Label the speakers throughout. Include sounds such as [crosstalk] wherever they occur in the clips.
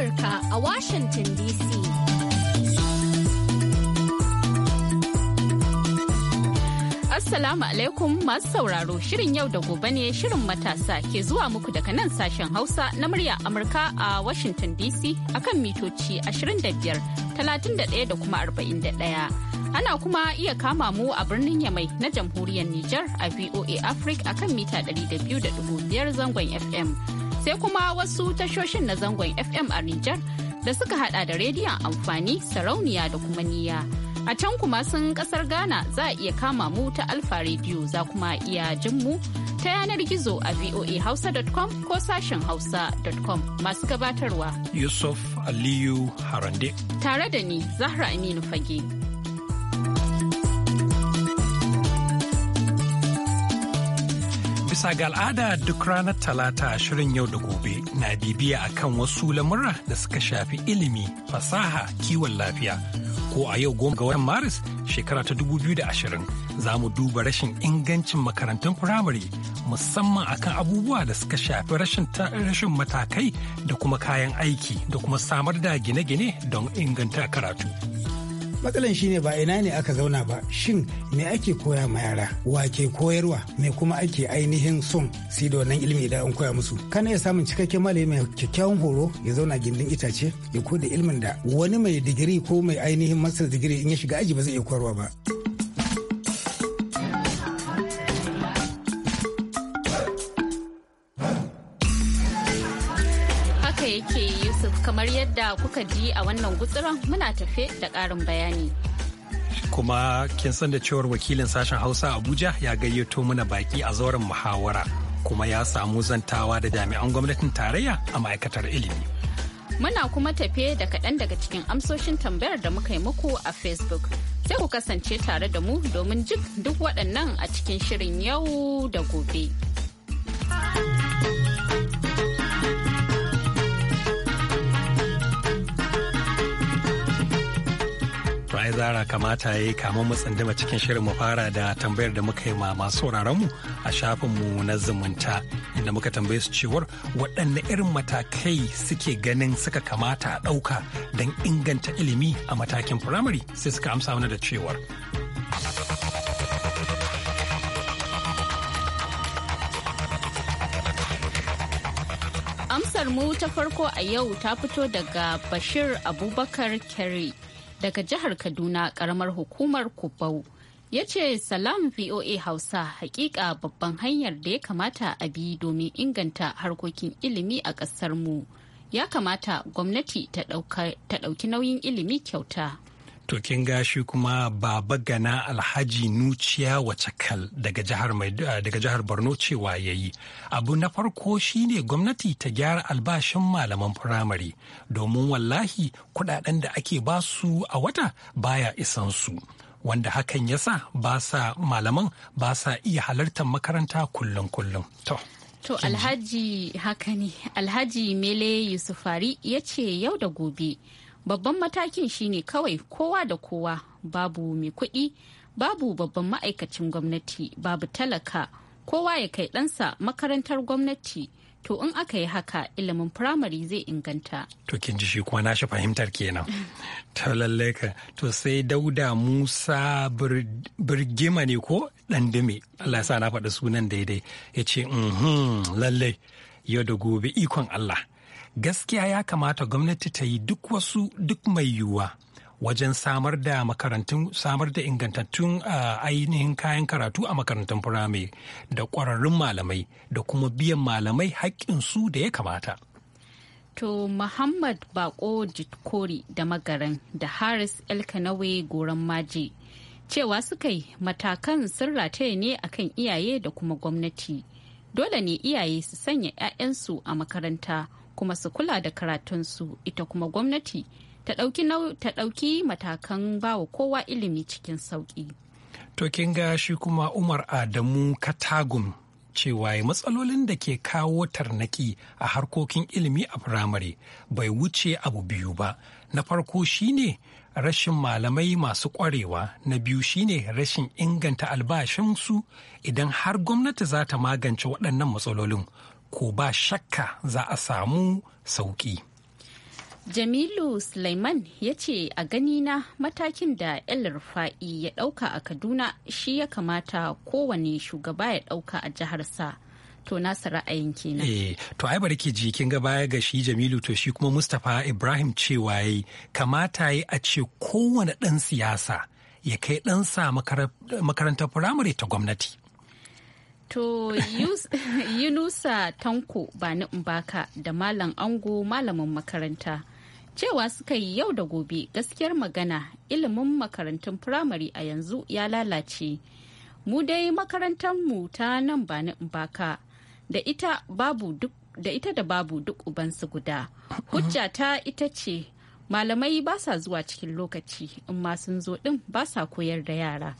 Speaker 1: Amurka a Washington DC. Assalamu alaikum masu sauraro shirin yau da gobe ne shirin matasa ke zuwa muku daga nan sashen Hausa na murya Amurka a Washington DC akan mitoci 25, 31 da kuma 41. Ana kuma iya kama mu a birnin Yamai na jamhuriyar Nijar a VOA Africa akan mita 200.5 zangon FM. sai kuma wasu tashoshin na zangon FM a Nijar da suka hada da rediyon amfani sarauniya da kuma niya. A can kuma sun kasar Ghana za a iya kama mu ta Alfa Radio za kuma iya jin mu ta yanar gizo a voahausa.com ko sashen hausa.com masu gabatarwa.
Speaker 2: Yusuf Aliyu Harande.
Speaker 1: Tare da ni Zahra Aminu Fage.
Speaker 2: Bisa ga al'ada duk ranar talata shirin yau da gobe na bibiya akan wasu lamura da suka shafi ilimi, fasaha, kiwon lafiya. Ko a yau goma ga watan Maris shekara ta 2020 za mu duba rashin ingancin makarantun firamare musamman akan abubuwa da suka shafi rashin rashin matakai da kuma kayan aiki da kuma samar da gine-gine don inganta karatu.
Speaker 3: matsalan shine ba ina ne aka zauna ba shin me ake koya ma yara wa ke koyarwa me kuma ake ainihin son su da wannan ilimi da an koya musu kana ya samun cikakken malami mai kyakkyawan horo ya zauna gindin itace ya koda ilimin da wani mai digiri ko mai ainihin master digiri in ya shiga aji ba zai iya koyarwa ba.
Speaker 1: kamar yadda kuka ji a wannan gutsuran muna tafe da ƙarin bayani.
Speaker 2: Kuma kin san da cewar wakilin sashen Hausa Abuja ya gayyato mana baki a zauren muhawara kuma ya samu zantawa da jami'an gwamnatin tarayya a ma'aikatar ilimi.
Speaker 1: Muna kuma tafe da kaɗan daga cikin amsoshin tambayar da muka yi muku a Facebook. Sai ku kasance tare da mu domin duk waɗannan a cikin shirin yau da gobe.
Speaker 2: zara kamata ya yi kamar mu tsindima cikin shirin mu fara da tambayar da muka yi ma masu mu a shafinmu na zumunta inda muka tambaye su cewar waɗanne irin matakai suke ganin suka kamata a ɗauka don inganta ilimi a matakin firamare sai suka amsa wani da cewar
Speaker 1: amsar mu ta farko a yau ta fito daga bashir abubakar kerry daga jihar Kaduna karamar hukumar Kubau. Ya ce salam VOA Hausa hakika babban hanyar da ya kamata a bi domin inganta harkokin ilimi a ƙasar mu. Ya kamata gwamnati ta ɗauki nauyin ilimi kyauta.
Speaker 2: To kin gashi kuma Baba Gana Alhaji Nuciya Wacakal daga daga jihar Borno cewa ya yi, Abu na farko shi ne gwamnati ta gyara albashin malaman firamare domin wallahi kudaden da ake basu a wata baya isan su. Wanda hakan yasa ba sa malaman ba sa iya halartar makaranta kullum kullum. To.
Speaker 1: To Alhaji haka ne, Alhaji Mele Yusufari ya ce yau da gobe. babban matakin shine kawai kowa da kowa babu mai kuɗi babu babban ma'aikacin gwamnati babu talaka kowa ya kai ɗansa makarantar gwamnati to in aka yi haka ilimin firamare zai inganta.
Speaker 2: To kin ji shi kuma na shi fahimtar kenan. [laughs] ta lallai ka to sai Dauda Musa Birgima ne ko ɗan dume Allah sa na faɗi sunan daidai ya ce lallai, yau da gobe ikon Allah gaskiya ya kamata gwamnati ta yi duk wasu duk mai yiwuwa wajen samar da makarantun samar da ingantattun ainihin kayan karatu a makarantun firamare da ƙwararrun malamai da kuma biyan malamai haƙƙinsu da ya kamata.
Speaker 1: To Muhammad Bako Jitkori da Magaran da Haris Elkanawe Goran Maje cewa suka yi matakan sun rataye ne akan iyaye da kuma gwamnati. Dole ne iyaye su sanya 'ya'yansu a makaranta. kuma su kula da karatunsu ita kuma gwamnati ta ɗauki matakan bawa kowa ilimi cikin sauƙi.
Speaker 2: tokin kin ga shi kuma Umar Adamu Katagum cewa matsalolin da ke kawo tarnaki a harkokin ilimi a firamare bai wuce abu biyu ba. Na farko shine rashin malamai masu ƙwarewa, na biyu shine rashin inganta albashinsu idan har gwamnati za ta magance waɗannan matsalolin ko ba shakka za a samu sauki.
Speaker 1: Jamilu Sulaiman ya ce a ganina matakin da El Rufa'i ya ɗauka a Kaduna shi ya kamata kowane shugaba ya ɗauka a jiharsa. To nasa ra'ayin kenan.
Speaker 2: Eh, to ai bari ke ji kin ga baya ga shi Jamilu to shi kuma Mustapha Ibrahim cewa yayi kamata yi a ce kowane ɗan siyasa ya kai ɗansa makarantar firamare ta gwamnati.
Speaker 1: To [laughs] Yunusa Tanko ba ni baka da Malam Ango malamin makaranta. Cewa suka yi yau da gobe gaskiyar magana ilimin makarantun firamare a yanzu ya lalace. Mu dai mu ta nan ba ni baka da ita babu duk da ita da babu duk ubansu guda. Hujja ta ita ce malamai ba sa zuwa cikin lokaci in ma sun zo din ba sa koyar da yara.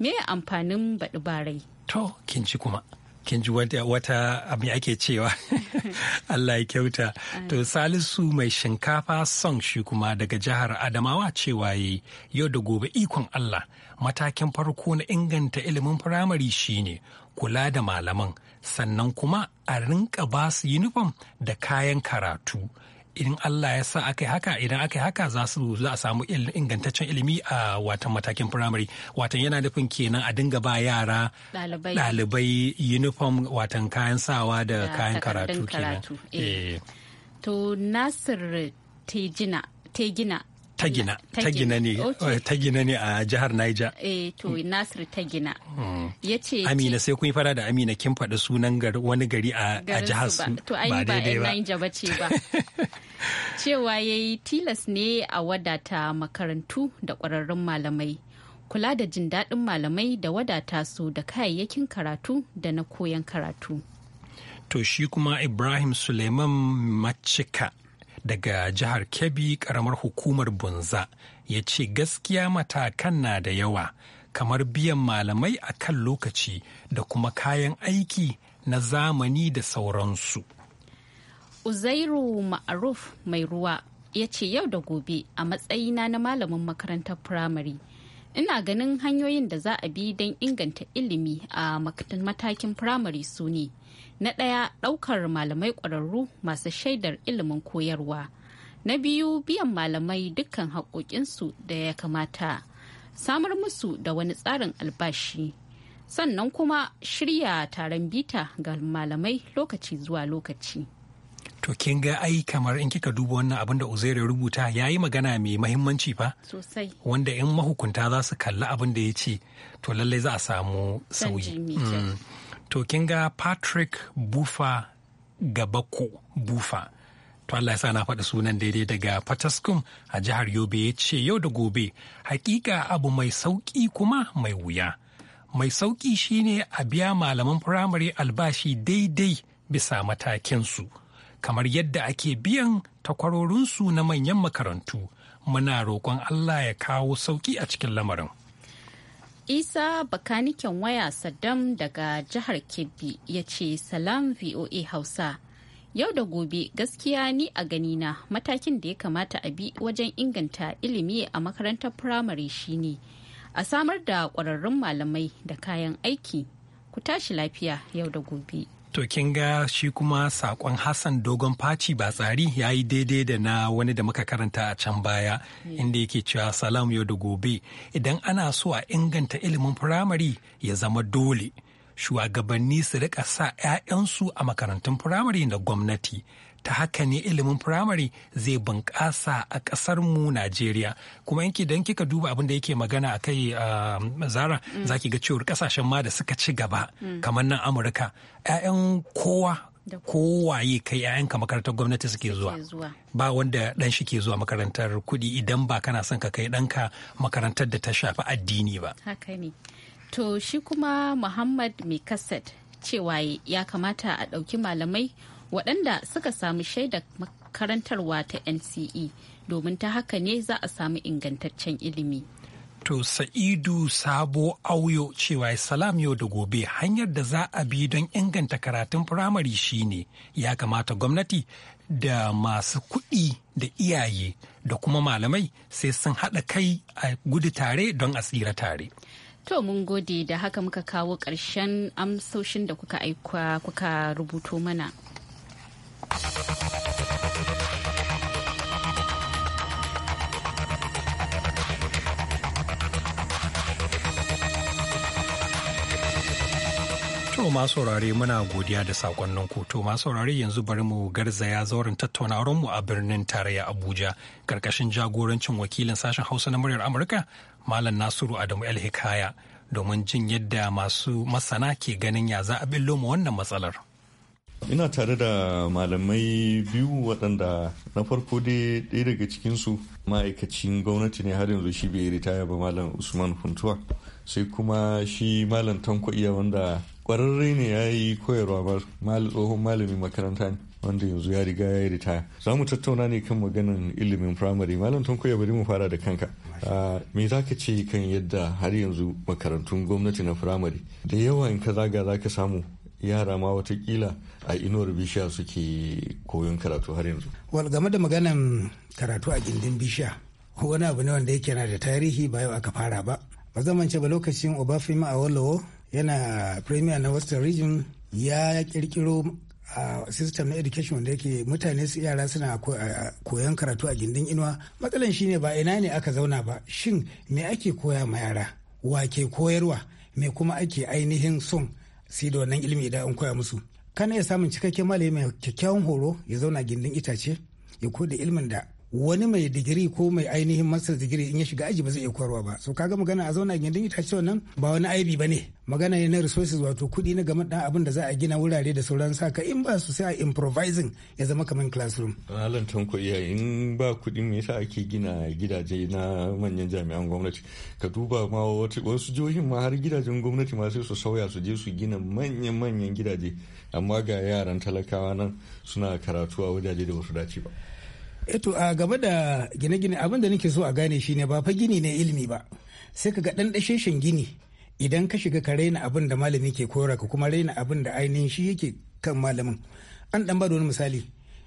Speaker 1: Me amfanin baɗi barai? to
Speaker 2: kin ci kuma kin ji wata, wata ake cewa [laughs] Allah ya kyauta to salisu mai shinkafa son shi kuma daga jihar adamawa cewa yayi yau da gobe ikon Allah matakin farko na inganta ilimin firamare shine kula da malaman sannan kuma a rinka ba su yunifom da kayan karatu idan Allah ya sa aka haka idan aka yi haka za su za a samu ingantaccen ilimi a watan matakin firamare watan yana nufin kenan a dinga ba yara ɗalibai uniform watan kayan sawa da kayan karatu kenan. Eh. Eh.
Speaker 1: To Nasir Tejina
Speaker 2: Tagina eh, gina ne a jihar Niger
Speaker 1: eh to Nasir ta gina hmm. Amina
Speaker 2: sai kun fara da Amina kin faɗi sunan wani gari a jihar su ba daidai ba
Speaker 1: Niger ce ba [laughs] cewa yayi tilas ne a wadata makarantu da ƙwararrun malamai kula da jin daɗin malamai da wadata su da kayayyakin karatu da na koyan karatu to
Speaker 2: shi kuma Ibrahim Suleiman Macika daga jihar Kebbi karamar hukumar Bunza ya ce gaskiya matakan na da yawa kamar biyan malamai a kan lokaci da kuma kayan aiki na zamani da sauransu.
Speaker 1: Uzairu Ma'aruf mai ruwa ya ce yau da gobe a matsayina na malamin makarantar firamare. ina ganin hanyoyin da za a bi don inganta ilimi a matakin firamare su ne na ɗaya ɗaukar malamai ƙwararru masu shaidar ilimin koyarwa na biyu biyan malamai dukkan haƙoƙinsu da ya kamata samar musu da wani tsarin albashi sannan kuma shirya taron bita ga malamai lokaci zuwa lokaci.
Speaker 2: To kin ga ai kamar in kika duba wannan abin da Uzair ya rubuta ya yi magana mai mahimmanci fa. Sosai. Wanda in mahukunta za su kalli abin da ya ce to lallai za a samu sauyi. Mm. To kin ga Patrick Bufa Gabako Bufa. to Allah ya sa na faɗi sunan daidai daga Fataskum a jihar Yobe ya ce yau da gobe hakika abu mai sauƙi kuma mai wuya. Mai sauƙi shine a biya malaman firamare albashi daidai bisa matakinsu kamar yadda ake biyan takwarorinsu na manyan makarantu muna roƙon Allah ya kawo sauƙi a cikin lamarin.
Speaker 1: isa bakaniken waya saddam daga jihar kebbi ya ce salam voa hausa yau da gobe gaskiya ni a ganina matakin da ya kamata a bi wajen inganta ilimi a makarantar firamare shine a samar da ƙwararrun malamai da kayan aiki ku tashi lafiya yau da gobe
Speaker 2: To kin ga shi kuma sakon Hassan dogon faci ba tsari ya yi daidai da na wani da muka karanta a can baya inda yake cewa salam yau da gobe idan ana so a inganta ilimin firamare ya zama dole. Shugabanni su rika sa 'ya'yansu a makarantun firamare na gwamnati ta haka ne ilimin firamare zai bunƙasa a ƙasar mu Najeriya kuma yanki don kika duba abin da yake magana a kai zara mm. zaki ga cewar ƙasashen ma da suka ci gaba mm. kamar nan Amurka 'ya'yan kowa kowaye kai 'ya'yanka makarantar gwamnati suke zuwa ba wanda dan shi ke zuwa makarantar kuɗi idan ba kana son ka kai ɗanka makarantar da ta shafi addini ba
Speaker 1: haka ne to shi kuma muhammad mai cewa ya kamata a ɗauki malamai waɗanda suka samu shaidar makarantarwa ta nce domin ta haka ne za a samu ingantaccen ilimi
Speaker 2: to sa'idu sabo auyo cewa salam yau da gobe hanyar da za a bi don inganta karatun firamare shine ya kamata gwamnati da masu kuɗi da iyaye da kuma malamai sai sun haɗa kai a gudu tare don a tsira tare
Speaker 1: To mun gode da haka muka kawo ƙarshen amsoshin da kuka aika kuka rubuto mana.
Speaker 2: ma saurare muna godiya da sakonnin to ma saurare yanzu bari mu garzaya zauren mu a birnin tarayya abuja karkashin jagorancin wakilin sashen hausa na muryar amurka malam nasiru adamu el hikaya domin jin yadda masu masana ke ganin ya za a billo mu wannan matsalar.
Speaker 4: ina tare da malamai biyu waɗanda na farko dai ɗaya daga cikinsu ma'aikacin gwamnati ne har yanzu shi bai ritaya ba malam usman funtuwa sai kuma shi malam tanko iya wanda ƙwararre ne ya yi koyarwa ba tsohon malamin makaranta ne wanda yanzu ya riga ya yi ritaya za mu tattauna ne kan maganan ilimin firamare malam tanko ya bari mu fara da kanka ah, me za ka ce kan yadda har yanzu makarantun gwamnati na firamare da yawa in ka zaga za ka samu yara ma watakila a inuwar bishiya suke koyon karatu har yanzu.
Speaker 3: wal game da maganan karatu a gindin bishiya wani abu ne wanda yake na da tarihi ba yau aka fara ba ba zan mance ba lokacin obafemi a walowo yana premier na western region ya kirkiro a system na education wanda yake mutane su yara suna koyon karatu a gindin inuwa matsalan shine ba ina ne aka zauna ba shin me ake koya ma yara wa ke koyarwa me kuma ake ainihin son sai da wannan ilimi idan an koya musu kana iya samun cikakken malami mai kyakkyawan horo ya zauna gindin itace ya koda ilimin da wani mai digiri ko mai ainihin master digiri in ya shiga aji ba zai iya koyarwa ba so kaga magana a zauna gindin itace wannan ba wani aibi ba ne magana ne na resources wato kuɗi na game dan abin da za a gina wurare da sauran saka in ba su sai a improvising ya zama kamar classroom
Speaker 4: alan tanko iya in ba kuɗi me yasa ake gina gidaje na manyan jami'an gwamnati ka duba ma wasu jihohin ma har gidajen gwamnati ma sai su sauya su je su gina manyan manyan gidaje amma ga yaran talakawa nan suna karatu a wajaje da wasu dace ba
Speaker 3: Eto eh a gaba da gine-gine abin da nake so a gane shi ne ba fa gini ne ilimi ba sai ka ga ɗan gini idan ka shiga ka raina abin da malami ke kora ka kuma raina abin da ainihin shi yake kan malamin an ɗan ba wani misali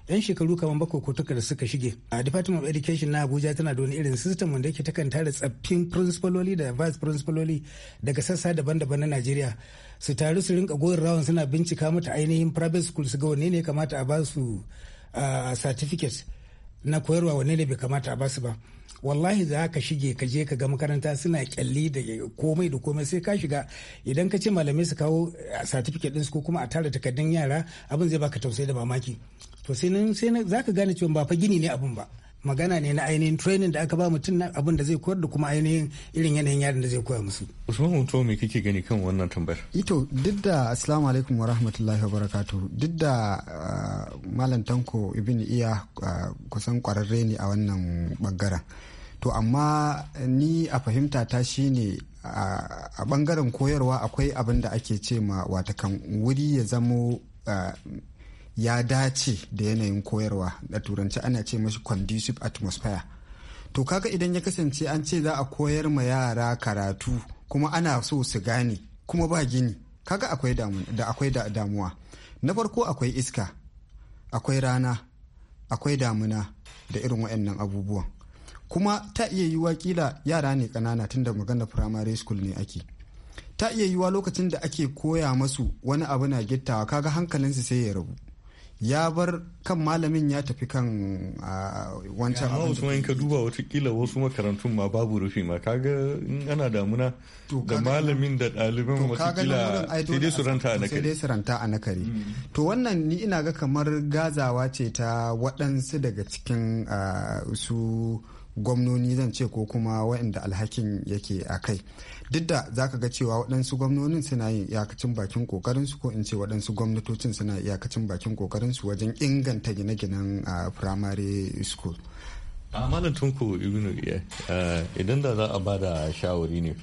Speaker 3: yan shekaru kamar bakwai ko da suka shige a department of education na abuja tana da wani irin system wanda yake takan tare tsaffin principaloli da vice principaloli daga sassa daban-daban na najeriya su taru su rinka goyon rawan suna bincika mata ainihin private school su ga wanne ne kamata a ba su ah, certificate na koyarwa wanne ne bai kamata a basu ba wallahi za ka shige ka je ka ga makaranta suna kyalli da komai da komai sai ka shiga idan ka ce malamai su kawo eh, certificate ɗinsu ko kuma a tara takardun yara abin zai baka tausayi da mamaki to sai nan sai za ka gane cewa ba fa gini ne abin ba magana ne na ainihin training da aka ba mutum na abin da zai koyar da kuma ainihin irin yanayin yarin da zai koya musu.
Speaker 4: Usman Mutuwa me kake gani kan wannan tambayar?
Speaker 3: Ito duk da Assalamu alaikum wa rahmatullahi wa barakatu duk da
Speaker 5: uh, Malam Tanko Ibn Iya uh, kusan kwararre ne a wannan bangaren. To amma ni a fahimta ta shine uh, a bangaren koyarwa akwai abin da ake ce ma watakan wuri ya zamo ya dace da yanayin koyarwa da turanci ana ce mashi conducive atmosphere to kaga idan ya kasance an ce za a koyar ma yara karatu kuma ana so su gane kuma ba gini kaga akwai da akwai damuwa na farko akwai iska akwai rana akwai damuna da irin waɗannan abubuwan kuma ta iya yiwa kila yara ne ƙanana tunda magana primary school ne ake ta iya yiwa lokacin da ake koya masu wani abu na gittawa kaga hankalinsu sai ya rabu
Speaker 4: ya bar kan malamin ya tafi kan wancan abin da ka duba watakila wasu makarantun ma babu rufi ma kaga in ana damuna da malamin da ɗaliban watakila sai dai su ranta a nakari sai dai su ranta a nakari to wannan ni
Speaker 5: ina ga kamar gazawa ce ta waɗansu daga cikin su gwamnoni zan ce ko kuma waɗanda alhakin yake a kai duk da za ka ga cewa waɗansu gwamnonin suna yin iyakacin bakin ƙoƙarinsu ko in ce waɗansu gwamnatocin suna iyakacin bakin ƙoƙarinsu wajen inganta gine-ginen a primary school
Speaker 4: a malam tunku ibnu eh, eh, idan da za a ba da shawari ne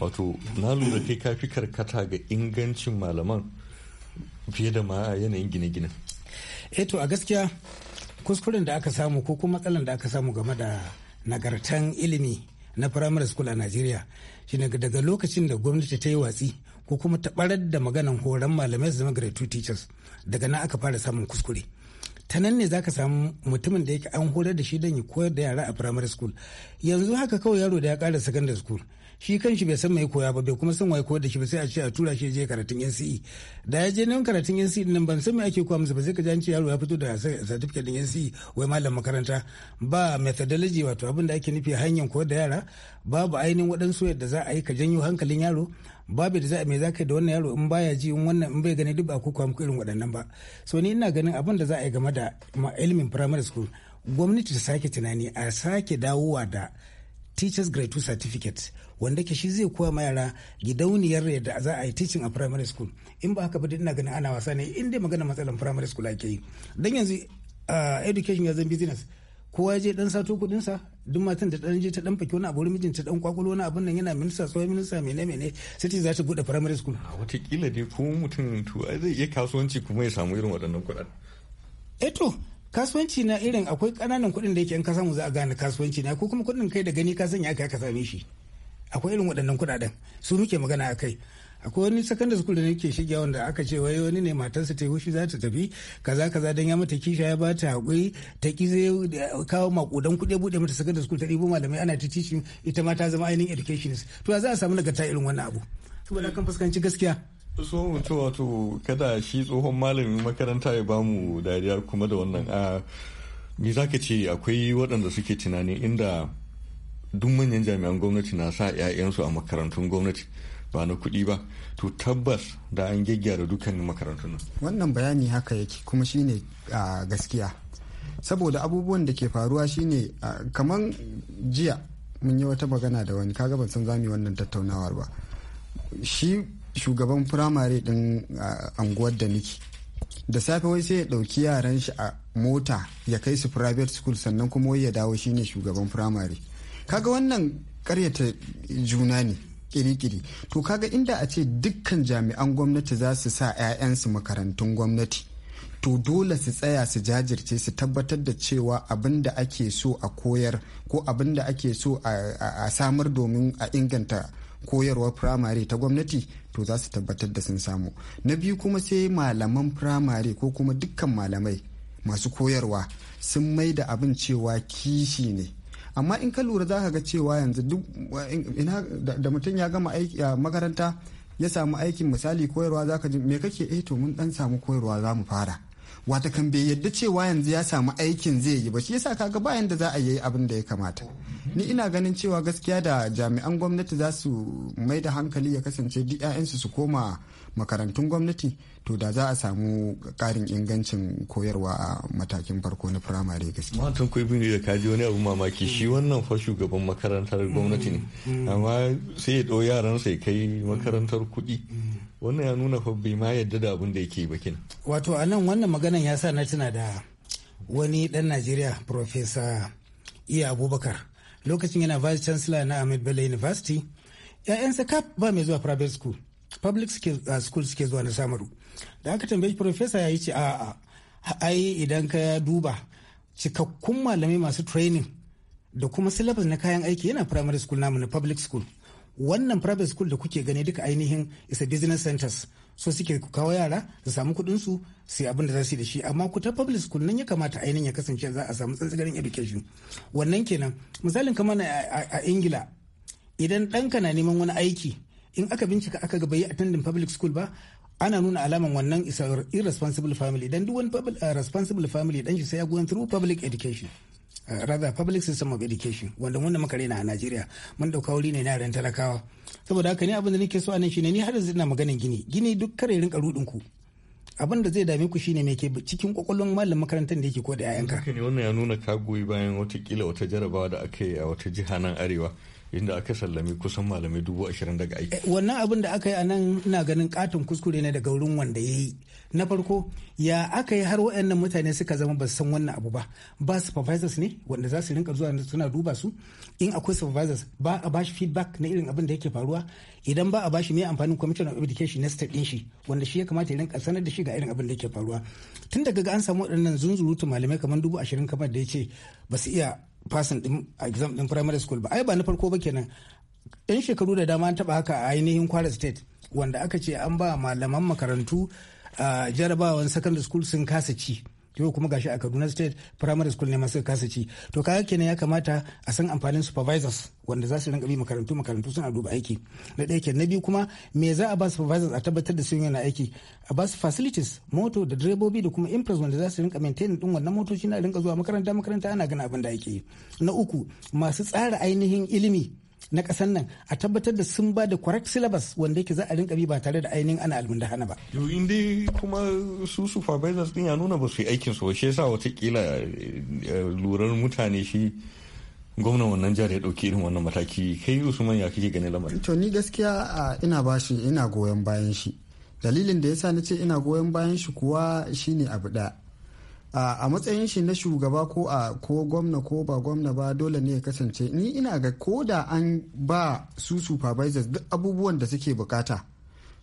Speaker 4: wato na lura kai ka fi karkata ga ingancin malaman fiye da ma yanayin gine-ginen
Speaker 3: eto eh a gaskiya kuskuren da aka samu ko kuma matsalan da aka samu game da nagartan ilimi na primary school a najeriya shine daga lokacin da gwamnati ta yi watsi ko kuma ta barar da maganan horon malamai su zama grade teachers daga nan aka fara samun kuskure ta nan ne zaka samu mutumin da yake an horar da shi don ya koyar da yara a primary school yanzu haka kawai yaro da ya kara secondary school shi kan shi bai san mai koya ba bai kuma san wai koyar da shi ba sai a ce a tura shi je karatun NCE da ya je nan karatun NCE nan ban san me ake koya masa ba sai ka ji an ce yaro ya fito da certificate din NCE wai malam makaranta ba methodology wato abin da ake nufi hanyar koyar da yara babu ainihin waɗansu yadda za a yi ka janyo hankalin yaro babu da za a me za ka yi da wannan yaro in baya ji in wannan in bai gani duk ba ku kwa irin waɗannan ba so ni ina ganin abin da za a yi game da ilimin primary school gwamnati ta sake tunani a sake dawowa da teachers grade 2 certificate wanda ke shi zai koya ma yara gidauniyar da za a yi teaching a primary school in ba haka ba ina ganin ana wasa ne in dai magana matsalar primary school ake yi dan yanzu ah, education ya zan business kowa je dan sato kudinsa duk matan da dan je ta dan fake wani abu mijin ta dan kwakulo wani abun nan yana minista tsohon minista mene mene sai
Speaker 4: za ta bude primary school a watakila dai ko mutum to zai iya kasuwanci kuma ya samu irin waɗannan kuɗin
Speaker 3: eto eh kasuwanci na irin akwai ƙananan kuɗin da yake in ka samu za a gane kasuwanci na ko kuma kuɗin kai da gani ka sanya ka ka same shi akwai irin waɗannan kuɗaɗen su muke magana a kai akwai wani secondary school da nake shiga wanda aka ce wai wani ne matarsa ta wushi za ta tafi kaza kaza dan ya mata kisha ya bata hakuri ta ki zai eh, kawo makudan kuɗi bude mata secondary school ta ɗibo malamai ana ta teaching ita ma ta zama ainihin educationist to za a samu nagarta irin wannan abu
Speaker 4: saboda kan fuskanci gaskiya so mutu wato kada shi tsohon malamin makaranta ya bamu dariya kuma da wannan a ah, me zaka ce akwai waɗanda suke tunanin inda duk manyan jami'an gwamnati na sa 'ya'yansu a makarantun gwamnati ba na kuɗi ba to tabbas da an gyaggyara dukkanin makarantun nan
Speaker 5: wannan bayani haka yake kuma shine a gaskiya saboda abubuwan da ke faruwa shine kamar jiya mun yi wata magana da wani kaga ban san zami wannan tattaunawar ba shi shugaban firamare din anguwar da niki da safe wai sai ya ɗauki yaran shi a mota ya kai su private school sannan kuma wai ya dawo shine shugaban firamare kaga wannan karyata juna ne kiri kiri to kaga inda a ce dukkan jami'an gwamnati za su sa 'ya'yansu makarantun gwamnati to dole su tsaya su jajirce su tabbatar da cewa abin da ake so a koyar ko abin da ake so a samar domin a inganta koyarwar firamare ta gwamnati to za su tabbatar da sun samu na biyu kuma sai malaman firamare ko kuma dukkan malamai masu koyarwa sun mai da abin cewa kishi ne amma in ka lura za ka ga cewa yanzu duk da mutum ya gama makaranta ya samu aikin misali koyarwa za ka ji me kake eh to mun dan samu koyarwa za mu fara wata kan bai yadda cewa yanzu ya samu aikin zai yi ba shi yasa kaga bayan da za a yi abin da ya kamata ni ina ganin cewa gaskiya da jami'an gwamnati za su mai da hankali ya kasance duk 'ya'yansu su koma makarantun gwamnati to da za a samu karin ingancin koyarwa a matakin farko na firamare
Speaker 4: gaskiya. Matan kwai bin da kaji wani abu mamaki shi wannan fa shugaban makarantar gwamnati ne mm, mm. amma sai ya ɗau yaransa ya kai makarantar kuɗi wannan ya nuna fa bai ma yadda da abin da yake bakin.
Speaker 3: wato a nan wannan maganan ya sa na tuna da wani dan najeriya profesa iya abubakar lokacin yana vice chancellor na ahmed bello university ya'yansa kaf ba mai zuwa private school public uh, school suke zuwa na samaru da aka tambayi profesa ya yi ce a ai idan ka duba cikakkun malamai masu training da kuma syllabus na kayan aiki yana primary school namu na public school wannan private school da kuke gani duka ainihin isa business centers so suke kawo yara su samu kuɗin su sai abin da za su yi da shi amma ku ta public school nan ya kamata ainihin ya kasance za a samu tsantsigarin education wannan kenan misalin kamar a ingila idan ɗanka na neman wani aiki in aka bincika aka ga bai attending public school ba ana nuna alaman wannan is irresponsible family dan duk wani responsible family dan shi sai ya go through public education Uh, rather public system of education wanda wanda muka raina a Najeriya mun dauka wuri ne na yaren talakawa saboda haka ni abin da nake so a nan shine ni har yanzu ina maganin gini gini duk kare rinka rudin ku abin da zai dame ku shine me ke cikin kokolon malam makarantar da yake ko da yayanka
Speaker 4: haka ne wannan ya nuna ka goyi bayan watakila wata jarabawa da aka yi a wata jiha nan arewa inda aka sallami kusan malamai dubu ashirin daga aiki
Speaker 3: eh, wannan abin da aka yi a nan ina ganin katon kuskure ne daga wurin wanda ya yi na farko ya aka yi har waɗannan mutane suka zama ba su san wannan abu ba ba supervisors ne wanda za su rinka zuwa suna duba su in akwai supervisors ba a bashi feedback na irin abin da yake faruwa idan ba a bashi mai amfanin commission of education na state din shi wanda shi ya kamata ya rinka sanar da shi ga irin abin da yake faruwa tun daga an samu waɗannan zunzurutu malamai kamar dubu ashirin kamar da ya ce ba su iya fasin din exam din primary school ba ai ba na farko ba kenan yan shekaru da dama an taba haka a ainihin kwara state wanda aka ce an ba malaman makarantu jarabawan secondary school sun kasa ci yau kuma gashi a kaduna state primary school ne masu kasa ci to kaga kenan ya kamata a san amfanin supervisors wanda za su rinka bi makarantu makarantu suna duba aiki na ɗaya kenan na biyu kuma me za a ba supervisors a tabbatar da sun yana aiki a ba su facilities moto da direbobi da kuma impress wanda za su rinka maintain din wannan motoci na rinka zuwa makaranta makaranta ana gana abin da ake na uku masu tsara ainihin ilimi na ƙasar nan a tabbatar da sun ba da correct syllabus wanda yake za a rinka bi ba tare da ainihin ana almundahana ba.
Speaker 4: Yau dai kuma su supervisors din ya nuna ba su yi aikin su shi yasa watakila eh, lurar mutane shi gwamnan wannan jihar ya ɗauki irin wannan mataki kai usman ya kike ganin lamarin.
Speaker 5: to ni gaskiya ina bashi ina goyon bayan shi dalilin da yasa na ce ina goyon bayan shi kuwa shine abu ɗaya. a matsayin shi na shugaba ko a ko gwamna ko ba gwamna ba dole ne ya kasance ni ina ga ko da an ba su supervisors duk abubuwan da suke bukata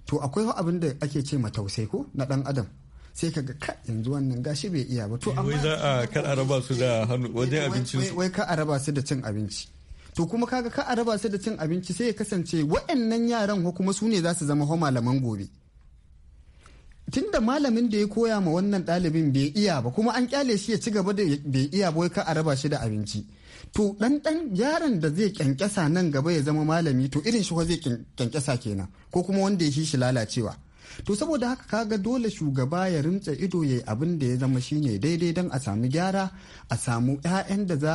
Speaker 5: to akwai abin da ake ce matausai ko na dan adam sai ka ga ka yanzu wannan gashi bai iya ba to amma za
Speaker 4: a kar a raba su da hannu wajen abinci su
Speaker 5: wai ka a raba su da cin abinci to kuma kaga ka a raba su da cin abinci sai ya kasance waɗannan yaran ko kuma su ne za su zama ho malaman gobe tunda malamin da ya koya ma wannan ɗalibin bai iya ba kuma an kyale shi ya ci gaba da bai iya ba ka a raba shi da abinci to dan dan yaron da zai kyankyasa nan gaba ya zama malami to irin shi zai kyankyasa kenan ko kuma wanda ya shi lalacewa to saboda haka kaga dole shugaba ya rimtsa ido ya abin da ya zama shine daidai don a samu gyara a samu 'ya'yan da za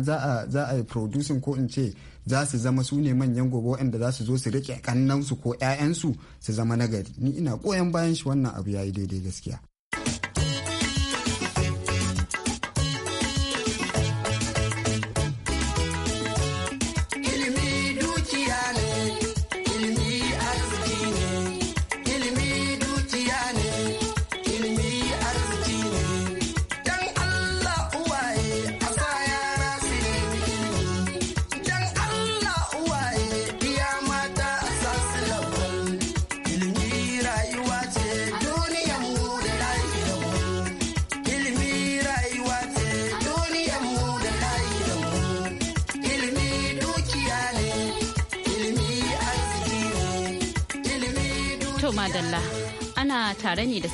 Speaker 5: a za a producing ko in ce za su zama su ne manyan gobe waɗanda za su zo su riƙe kannansu ko 'ya'yansu su zama nagari ni ina koyan bayan shi wannan abu ya yi daidai gaskiya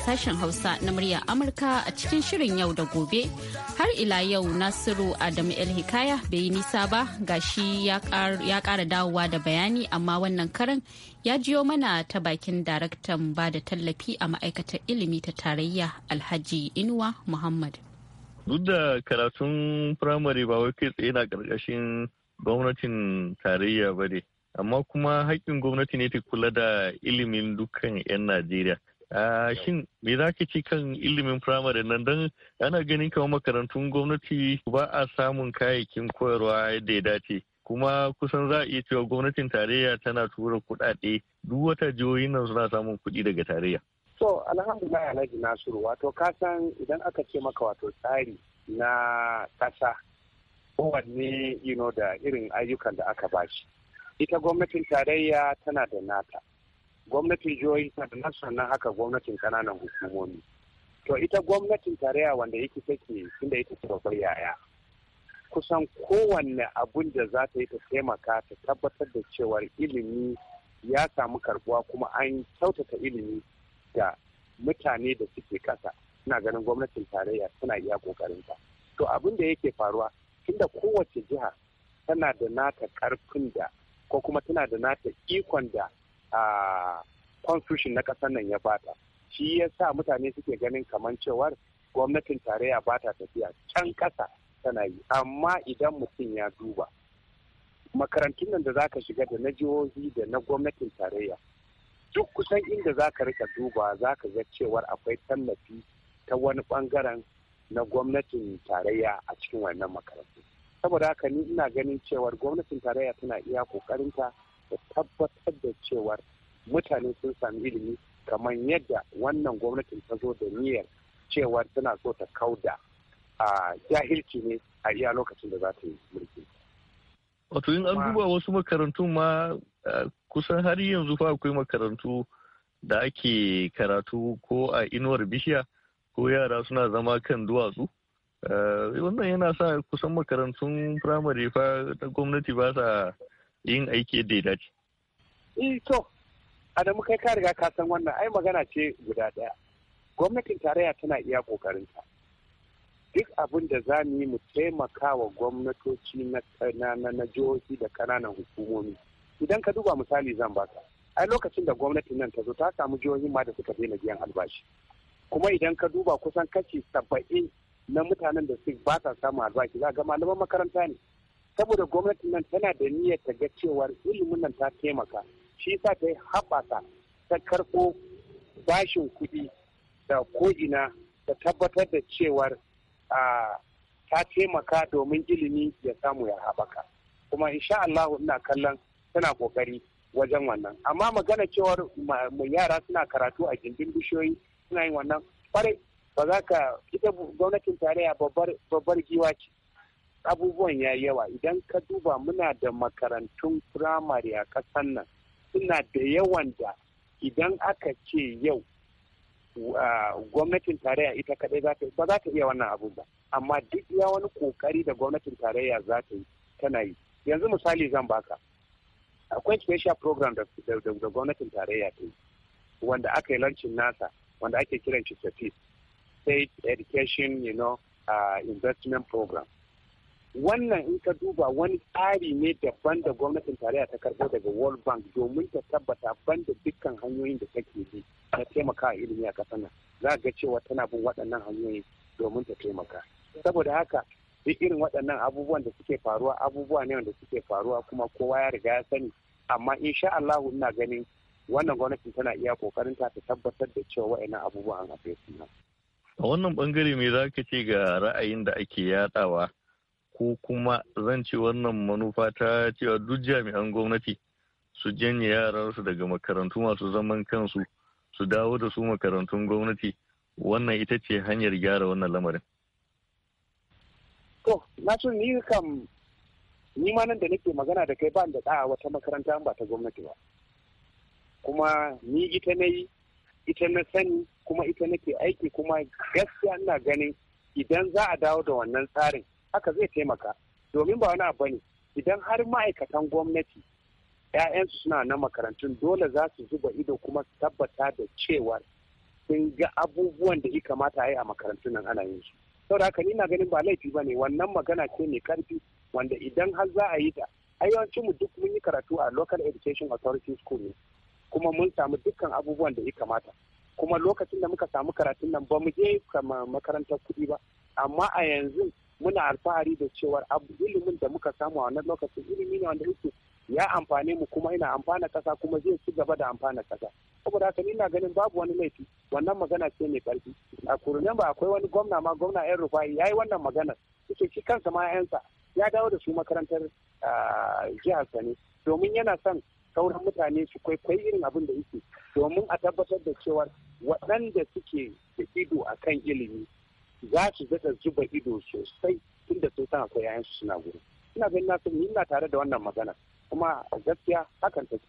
Speaker 1: sashen Hausa na murya Amurka a cikin shirin yau da gobe. Har ila yau Nasiru Adamu El Hikaya bai yi nisa ba gashi ya kara dawowa da bayani amma wannan karan ya jiyo mana ta bakin daraktan ba da tallafi a ma'aikatar ilimi ta tarayya Alhaji Inuwa Muhammad.
Speaker 4: Duk da karatun firamare ba wai kai tsaye na ƙarƙashin gwamnatin tarayya ba ne. amma kuma haƙƙin gwamnati ne ta kula da ilimin dukkan 'yan Najeriya. shin me za ki ci kan ilimin firamare nan don ana ganin kamar makarantun gwamnati ba a samun kayayyakin koyarwa yadda ya dace kuma kusan za a iya cewa gwamnatin tarayya tana tura kuɗaɗe duk wata jihohin nan suna samun kuɗi daga tarayya.
Speaker 6: so alhamdulillah alhaji nasiru wato ka san idan aka ce maka wato tsari na ƙasa kowanne you da irin ayyukan da aka bashi ita gwamnatin tarayya tana da nata gwamnatin jihohi sannan sannan haka gwamnatin kananan hukumomi to ita gwamnatin tarayya wanda yake take inda ita ce babbar yaya kusan kowanne abun da za ta yi ta taimaka ta tabbatar da cewar ilimi ya samu karbuwa kuma an kyautata ilimi da mutane da suke kasa suna ganin gwamnatin tarayya suna iya kokarinta to abin da yake faruwa tunda kowace jiha tana da nata karfin da ko kuma tana da nata ikon da a constitution na ƙasar nan ya bata shi ya sa mutane suke ganin kamar cewar gwamnatin tarayya ba ta tafiya can ƙasa tana yi amma idan mutum ya duba makarantun nan da za ka shiga da na jihohi da na gwamnatin tarayya duk kusan inda za ka rika duba za ka ga cewar akwai tallafi ta wani bangaren na gwamnatin tarayya a cikin wannan makarantu saboda haka ni ina ganin cewar gwamnatin tarayya tana iya kokarinta Ka tabbatar da cewar mutane sun sami ilimi kamar yadda wannan gwamnatin ta zo da niyyar cewa tana so ta kauda a jahilci ne a iya lokacin da za ta yi mulki.
Speaker 4: Wato yin an duba wasu makarantu ma kusan har yanzu fa akwai makarantu da ake karatu ko a inuwar bishiya ko yara suna zama kan duwatsu. Wannan yana sa kusan makarantun firamare fa ta gwamnati ba sa yin aiki yadda ya dace. Eh to,
Speaker 6: Adamu kai ka riga ka san wannan ai magana ce guda ɗaya. Gwamnatin tarayya tana iya ƙoƙarinta. Duk abin da za mu yi mu taimaka wa gwamnatoci na jihohi da ƙananan hukumomi. Idan ka duba misali zan baka. Ai lokacin da gwamnatin nan ta zo ta samu jihohin ma da suka daina biyan albashi. Kuma idan ka duba kusan kashi saba'in na mutanen da su ba sa samun albashi za ga malaman makaranta ne. saboda gwamnatin nan tana da niyyar ta ga cewar ilimin nan ta taimaka shi sa ta yi haɓaka ta karɓo bashin kuɗi da ko'ina ta tabbatar da cewar ta taimaka domin ilimi ya samu ya haɓaka kuma insha Allah ina kallon tana ƙoƙari wajen wannan amma magana cewar yara suna karatu a gindin bishiyoyi suna yin wannan kwarai ba za ka ita gwamnatin tarayya babbar giwa ce abubuwan ya yawa idan ka duba muna da makarantun firamare a ƙasar nan suna da yawan da idan aka ce yau gwamnatin tarayya ita kadai ba za ta iya wannan abu ba amma duk ya wani kokari da gwamnatin tarayya za ta yi tana yi yanzu misali zan baka akwai special program da gwamnatin tarayya ta yi wanda aka yi lancin nasa wanda ake kiran shi state education you investment program wannan in ka duba wani tsari ne daban da gwamnatin tarayya ta karbo daga world bank domin ta tabbata ban da dukkan hanyoyin da take bi ta taimaka ilimi a ƙasar nan za ga cewa tana bin waɗannan hanyoyi domin ta taimaka saboda haka duk irin waɗannan abubuwan da suke faruwa abubuwa ne wanda suke faruwa kuma kowa ya riga ya sani amma insha Allah ina ganin wannan gwamnatin tana iya kokarin ta ta tabbatar da cewa waɗannan abubuwan an afe su
Speaker 4: a wannan bangare me za ka ce ga ra'ayin da ake yadawa ko kuma zan ce wannan manufa ta cewa duk jami'an gwamnati su janye yaransu daga makarantu masu zaman kansu su dawo da su makarantun gwamnati wannan ita ce hanyar gyara wannan lamarin.
Speaker 6: To, na ni kam ni nan da nake magana da kai ban da da'a wata makaranta ba ta gwamnati ba. Kuma ni ita na yi, ita na sani, kuma ita nake aiki kuma gaskiya ina ganin idan za a dawo da wannan tsarin haka zai taimaka domin ba wani abu ne idan har ma'aikatan gwamnati 'ya'yansu suna na makarantun dole za su zuba ido kuma su tabbata da cewar sun ga abubuwan da ya kamata a yi a makarantun nan ana yin su sau haka ni na ganin ba laifi ba ne wannan magana ce mai karfi wanda idan har za a yi da ayyancin mu duk mun yi karatu a local education authority school ne kuma mun samu dukkan abubuwan da ya kamata kuma lokacin da muka samu karatun nan ba mu je makarantar kuɗi ba amma a yanzu muna alfahari da cewar ilimin da muka samu a wannan lokacin ilimi ne wanda yake ya amfane mu kuma yana amfana kasa kuma zai ci gaba da amfana kasa saboda haka ni na ganin babu wani laifi wannan magana ce mai karfi a kurunan ba akwai wani gwamna ma gwamna yan rufai yayi wannan magana suke shi kansa ma yansa ya dawo da su makarantar jihar sani domin yana son sauran mutane su kwaikwayi irin abin da yake domin a tabbatar da cewa waɗanda suke da ido a kan ilimi za su daɗa zuba ido sosai tunda sun san akwai yayan suna gudu ina ganin na ina tare da wannan magana kuma a gaskiya hakan ta take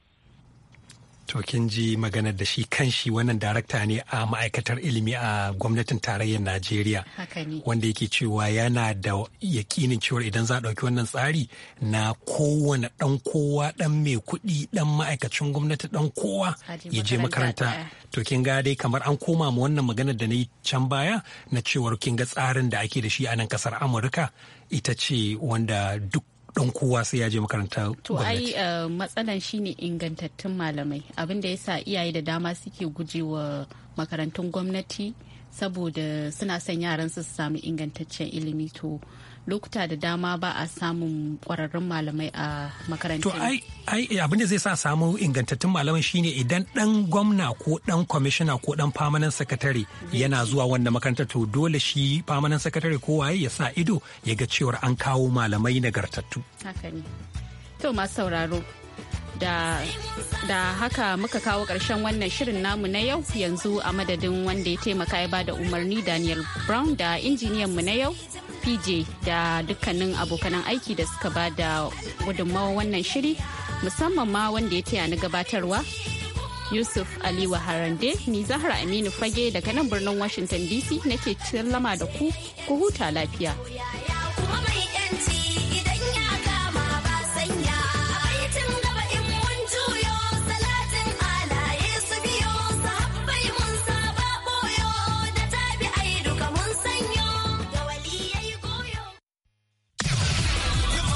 Speaker 2: To ji maganar da shi kan shi wannan darakta ne a ma'aikatar ilimi a gwamnatin tarayyar Najeriya. Wanda yake cewa yana da yakinin cewar idan za a ɗauki wannan tsari na kowane ɗan kowa ɗan mai kuɗi ɗan ma'aikacin gwamnati ɗan kowa ya je makaranta. To kin ga dai kamar an koma ma wannan maganar da na yi can baya na cewar kin ga tsarin da ake da shi a nan kasar Amurka ita ce wanda duk dan kowa sai ya je makaranta to ai
Speaker 1: eh, matsalan shine ingantattun malamai abin da yasa iyaye da dama suke gujewa makarantun gwamnati saboda suna son yaran su samu ingantaccen ilimi to lokuta da dama ba a samun kwararrun malamai a makarantar. To ai
Speaker 2: eh, abin da zai sa samu ingantattun malamai shine idan dan gwamna ko dan kwamishina ko dan famanan sakatare yana zuwa wannan makarantar to dole shi famanan sakatare ko waye ya sa ido ya ga cewar an kawo malamai nagartattu.
Speaker 1: Haka ne. To masu sauraro da haka muka kawo ƙarshen wannan shirin namu na yau yanzu a madadin wanda ya taimaka ya ba da umarni daniel brown da injiniyan mu na yau pj da dukkanin abokan aiki da suka ba da gudunmawa wannan shiri musamman ma wanda ya taya ni gabatarwa yusuf ali waharande ni zahra aminu fage daga nan birnin washington dc nake sallama da ku ku huta lafiya